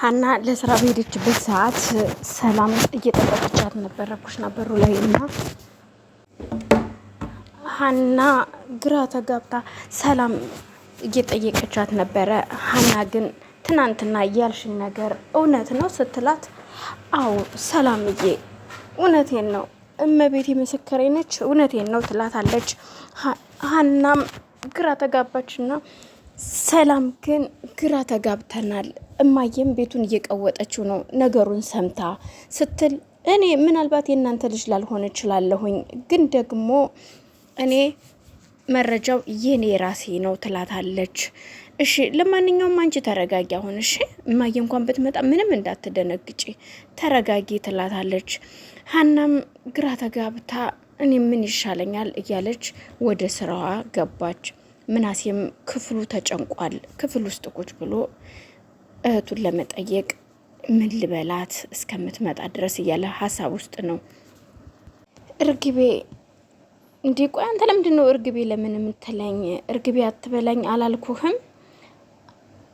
ሀና ለስራ በሄደችበት ሰዓት ሰላም እየጠበቀቻት ነበረ ኩሽና በሩ ላይ እና ሀና ግራ ተጋብታ ሰላም እየጠየቀቻት ነበረ። ሀና ግን ትናንትና እያልሽን ነገር እውነት ነው ስትላት፣ አዎ ሰላምዬ እውነቴን ነው እመቤቴ ምስክሬ ነች እውነቴን ነው ትላታለች። ሀናም ግራ ተጋባችና ሰላም ግን ግራ ተጋብተናል። እማየም ቤቱን እየቀወጠችው ነው ነገሩን ሰምታ ስትል እኔ ምናልባት የእናንተ ልጅ ላልሆን እችላለሁኝ፣ ግን ደግሞ እኔ መረጃው የኔ ራሴ ነው ትላታለች። እሺ ለማንኛውም አንቺ ተረጋጊ አሁን እሺ፣ እማየ እንኳን ብትመጣ ምንም እንዳትደነግጪ ተረጋጊ ትላታለች። ሀናም ግራ ተጋብታ እኔ ምን ይሻለኛል እያለች ወደ ስራዋ ገባች። ምናሴም ክፍሉ ተጨንቋል። ክፍል ውስጥ ቁጭ ብሎ እህቱን ለመጠየቅ ምን ልበላት እስከምትመጣ ድረስ እያለ ሀሳብ ውስጥ ነው። እርግቤ እንዲህ ቆይ፣ አንተ ለምንድን ነው እርግቤ ለምን የምትለኝ? እርግቤ አትበለኝ አላልኩህም?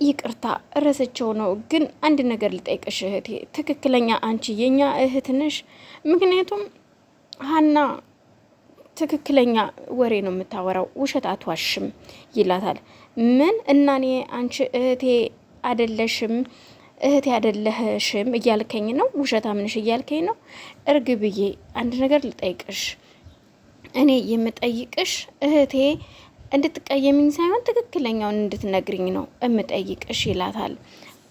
ይቅርታ ረስቸው ነው። ግን አንድ ነገር ልጠይቅሽ እህቴ፣ ትክክለኛ አንቺ የኛ እህት ነሽ? ምክንያቱም ሀና ትክክለኛ ወሬ ነው የምታወራው፣ ውሸት አትዋሽም ይላታል። ምን እና እኔ አንቺ እህቴ አደለሽም እህቴ ያደለህሽም እያልከኝ ነው፣ ውሸት አምንሽ እያልከኝ ነው። እርግብዬ አንድ ነገር ልጠይቅሽ። እኔ የምጠይቅሽ እህቴ እንድትቀየምኝ ሳይሆን ትክክለኛውን እንድትነግርኝ ነው የምጠይቅሽ ይላታል።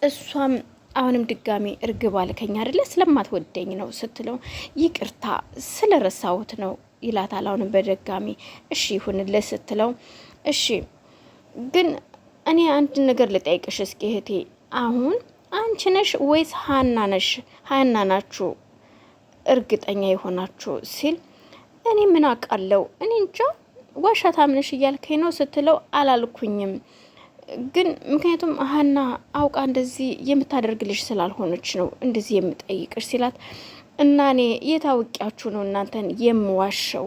እሷም አሁንም ድጋሚ እርግብ አልከኝ አደለ፣ ስለማትወደኝ ነው ስትለው፣ ይቅርታ ስለረሳሁት ነው ይላታል። አሁንም በድጋሚ እሺ ይሁንልህ ስትለው እሺ ግን እኔ አንድ ነገር ልጠይቅሽ እስኪ እህቴ፣ አሁን አንቺ ነሽ ወይስ ሀና ነሽ? ሀና ናችሁ እርግጠኛ የሆናችሁ ሲል እኔ ምን አውቃለሁ እኔ እንጃ ዋሻታም ነሽ እያልከኝ ነው ስትለው አላልኩኝም ግን ምክንያቱም ሀና አውቃ እንደዚህ የምታደርግልሽ ስላልሆነች ነው እንደዚህ የምጠይቅሽ ሲላት እና እኔ የታወቂያችሁ ነው እናንተን የምዋሸው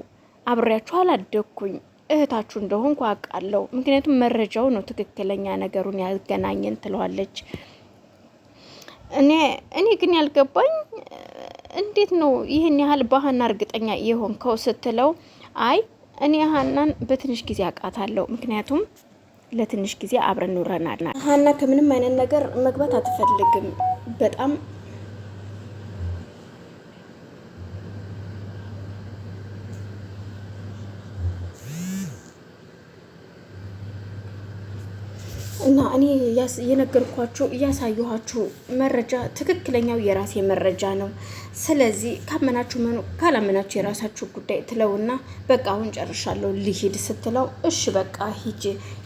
አብሬያችሁ አላደግኩኝ እህታችሁ እንደሆንኩ አውቃለሁ። ምክንያቱም መረጃው ነው ትክክለኛ ነገሩን ያገናኘን ትለዋለች። እኔ እኔ ግን ያልገባኝ እንዴት ነው ይህን ያህል በሀና እርግጠኛ የሆንከው ስትለው፣ አይ እኔ ሀናን በትንሽ ጊዜ አውቃታለሁ። ምክንያቱም ለትንሽ ጊዜ አብረን ኑረናል። ሀና ከምንም አይነት ነገር መግባት አትፈልግም በጣም እና እኔ የነገርኳችሁ እያሳየኋችሁ መረጃ ትክክለኛው የራሴ መረጃ ነው። ስለዚህ ካመናችሁ መኑ ካላመናችሁ የራሳችሁ ጉዳይ ትለውና በቃ አሁን ጨርሻለሁ ልሂድ ስትለው እሺ በቃ ሂጅ፣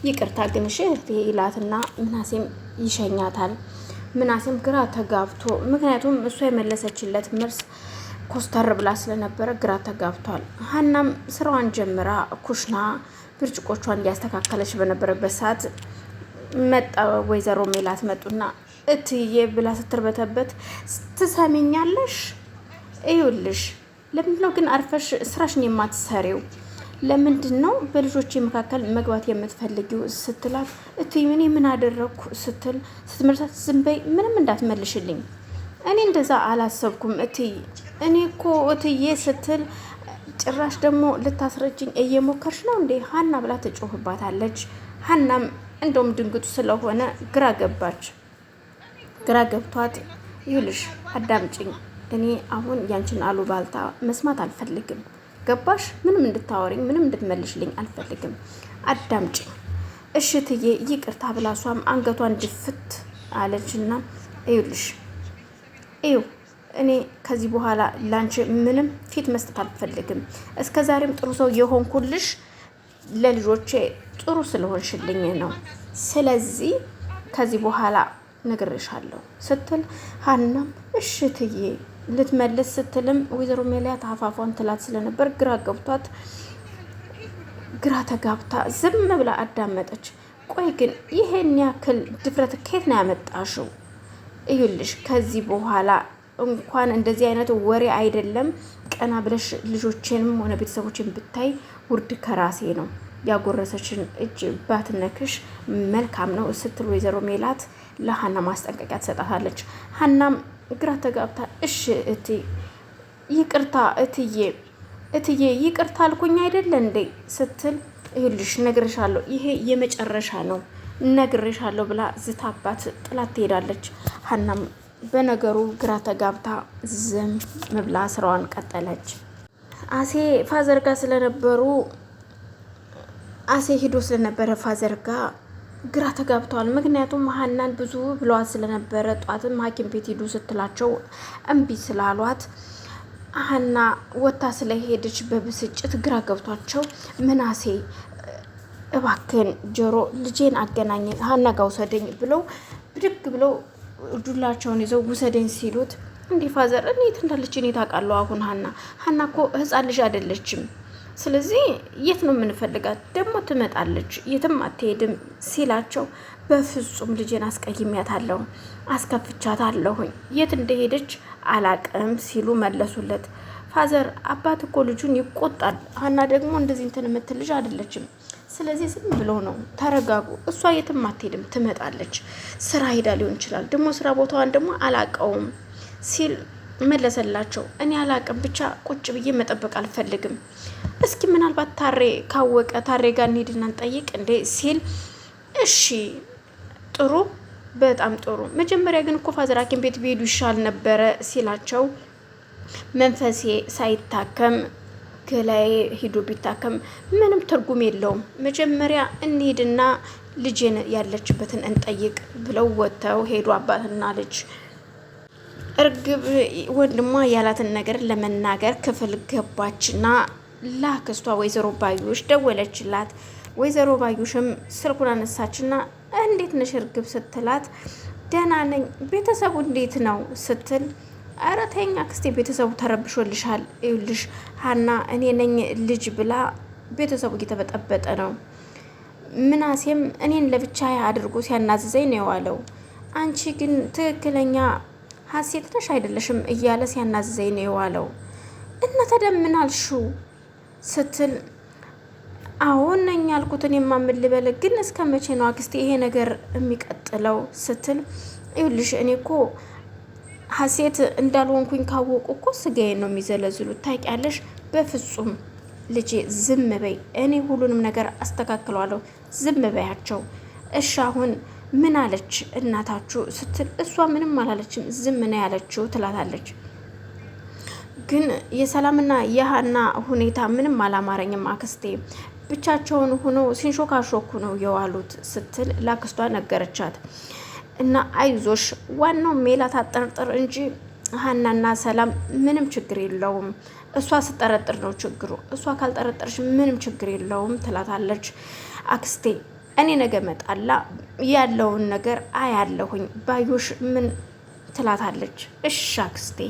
ይቅርታ ግን እሺ ይላትና ምናሴም ይሸኛታል። ምናሴም ግራ ተጋብቶ ምክንያቱም እሷ የመለሰችለት መልስ ኮስተር ብላ ስለነበረ ግራ ተጋብቷል። ሀናም ስራዋን ጀምራ ኩሽና ብርጭቆቿን እያስተካከለች በነበረበት ሰዓት መጣ ወይዘሮ ሜላት መጡና እትዬ ብላ ስትርበተበት ትሰሚኛለሽ? እዩልሽ ለምንድን ነው ግን አርፈሽ ስራሽን የማትሰሪው? ለምንድን ነው በልጆቼ መካከል መግባት የምትፈልጊው? ስትላት እትዬ እኔ ምን አደረግኩ? ስትል ስትመልሳት ዝም በይ ምንም እንዳትመልሽልኝ። እኔ እንደዛ አላሰብኩም እትዬ እኔ እኮ እትዬ ስትል ጭራሽ ደግሞ ልታስረጅኝ እየሞከርሽ ነው እንዴ ሀና ብላ ትጮህባታለች። ሀናም እንደውም ድንግጡ ስለሆነ ግራ ገባች። ግራ ገብቷት ይኸውልሽ አዳምጪኝ፣ እኔ አሁን ያንቺን አሉባልታ መስማት አልፈልግም። ገባሽ? ምንም እንድታወሪኝ ምንም እንድትመልሽልኝ አልፈልግም። አዳምጪኝ እሺ ትዬ ይቅርታ ብላ እሷም አንገቷን ድፍት አለችና ይኸውልሽ እዩ እኔ ከዚህ በኋላ ላንቺ ምንም ፊት መስጠት አልፈልግም። እስከ ዛሬም ጥሩ ሰው የሆንኩልሽ ለልጆቼ ጥሩ ስለሆንሽልኝ ነው። ስለዚህ ከዚህ በኋላ ነግርሻለሁ ስትል ሀናም እሽትዬ ልትመልስ ስትልም ወይዘሮ ሜላት አፋፏን ትላት ስለነበር ግራ ገብቷት ግራ ተጋብታ ዝም ብላ አዳመጠች። ቆይ ግን ይሄን ያክል ድፍረት ከየት ነው ያመጣሽው? እዩልሽ ከዚህ በኋላ እንኳን እንደዚህ አይነት ወሬ አይደለም ቀና ብለሽ ልጆቼንም ሆነ ቤተሰቦችን ብታይ ውርድ ከራሴ ነው ያጎረሰችን እጅ ባትነክሽ መልካም ነው ስትል ወይዘሮ ሜላት ለሀና ማስጠንቀቂያ ትሰጣታለች። ሀናም ግራ ተጋብታ እሺ እቲ ይቅርታ፣ እትዬ እትዬ ይቅርታ አልኩኝ አይደለ እንዴ ስትል ይኸውልሽ ነግሬሻለሁ፣ ይሄ የመጨረሻ ነው ነግሬሻለሁ ብላ ዝታባት ጥላት ትሄዳለች። ሀናም በነገሩ ግራ ተጋብታ ዝም ብላ ስራዋን ቀጠለች። አሴ ፋዘርጋ ስለነበሩ አሴ ሂዶ ስለነበረ ፋዘር ጋ ግራ ተጋብተዋል። ምክንያቱም ሀናን ብዙ ብለዋት ስለነበረ ጧትም ሐኪም ቤት ሂዱ ስትላቸው እምቢ ስላሏት ሀና ወታ ስለሄደች በብስጭት ግራ ገብቷቸው ምናሴ እባክን ጆሮ ልጄን አገናኝ ሀና ጋ ውሰደኝ ብለው ብድግ ብለው ዱላቸውን ይዘው ውሰደኝ ሲሉት እንዲህ ፋዘር እኔ የት እንዳለች እኔ ታውቃለሁ። አሁን ሀና ሀና እኮ ህፃን ልጅ አይደለችም። ስለዚህ የት ነው የምንፈልጋት? ደግሞ ትመጣለች፣ የትም አትሄድም ሲላቸው በፍጹም ልጄን አስቀይሜያታለሁ፣ አስከፍቻታለሁኝ የት እንደሄደች አላቅም ሲሉ መለሱለት። ፋዘር አባት እኮ ልጁን ይቆጣል። ሀና ደግሞ እንደዚህ እንትን የምትል ልጅ አይደለችም። ስለዚህ ዝም ብሎ ነው ተረጋጉ። እሷ የትም አትሄድም፣ ትመጣለች። ስራ ሄዳ ሊሆን ይችላል፣ ደግሞ ስራ ቦታዋን ደግሞ አላቀውም ሲል መለሰላቸው። እኔ አላቅም ብቻ ቁጭ ብዬ መጠበቅ አልፈልግም። እስኪ ምናልባት ታሬ ካወቀ ታሬ ጋር እንሄድና እንጠይቅ እንዴ ሲል እሺ፣ ጥሩ፣ በጣም ጥሩ። መጀመሪያ ግን እኮ ፋዘር ሐኪም ቤት ቢሄዱ ይሻል ነበረ ሲላቸው መንፈሴ ሳይታከም ገላዬ ሂዶ ቢታከም ምንም ትርጉም የለውም። መጀመሪያ እንሂድና ልጄን ያለችበትን እንጠይቅ ብለው ወጥተው ሄዱ አባትና ልጅ። እርግብ ወንድሟ ያላትን ነገር ለመናገር ክፍል ገባችና ላክስቷ ወይዘሮ ባዩሽ ደወለችላት። ወይዘሮ ባዩሽም ስልኩን አነሳችና እንዴት ነሽ እርግብ ስትላት ደህና ነኝ፣ ቤተሰቡ እንዴት ነው ስትል ኧረ ተይኝ አክስቴ ቤተሰቡ ተረብሾልሻል፣ ይኸውልሽ ሀና እኔ ነኝ ልጅ ብላ ቤተሰቡ እየተበጠበጠ ነው። ምናሴም እኔን ለብቻ አድርጎ ሲያናዝዘኝ ነው የዋለው። አንቺ ግን ትክክለኛ ሀሴት ነሽ አይደለሽም እያለ ሲያናዝዘኝ ነው የዋለው። እና ተደምናልሹ ስትል አሁን ነኝ ያልኩትን የማምን ግን እስከ መቼ ነው አክስቴ ይሄ ነገር የሚቀጥለው? ስትል ይኸውልሽ እኔ እኮ ሀሴት እንዳልሆንኩኝ ካወቁ እኮ ስጋዬን ነው የሚዘለዝሉት ታውቂያለሽ። በፍጹም ልጄ ዝም በይ፣ እኔ ሁሉንም ነገር አስተካክለዋለሁ። ዝም በያቸው እሺ አሁን ምን አለች እናታችሁ ስትል እሷ ምንም አላለችም ዝም ነው ያለችው ትላታለች። ግን የሰላምና የሀና ሁኔታ ምንም አላማረኝም አክስቴ ብቻቸውን ሆኖ ሲንሾካሾኩ ነው የዋሉት ስትል ላክስቷ ነገረቻት። እና አይዞሽ ዋናው ሜላት አጠርጥር እንጂ ሀናና ሰላም ምንም ችግር የለውም። እሷ ስጠረጥር ነው ችግሩ። እሷ ካልጠረጠረች ምንም ችግር የለውም ትላታለች አክስቴ እኔ ነገ መጣላ ያለውን ነገር አያለሁኝ። ባዩሽ ምን ትላታለች? እሺ አክስቴ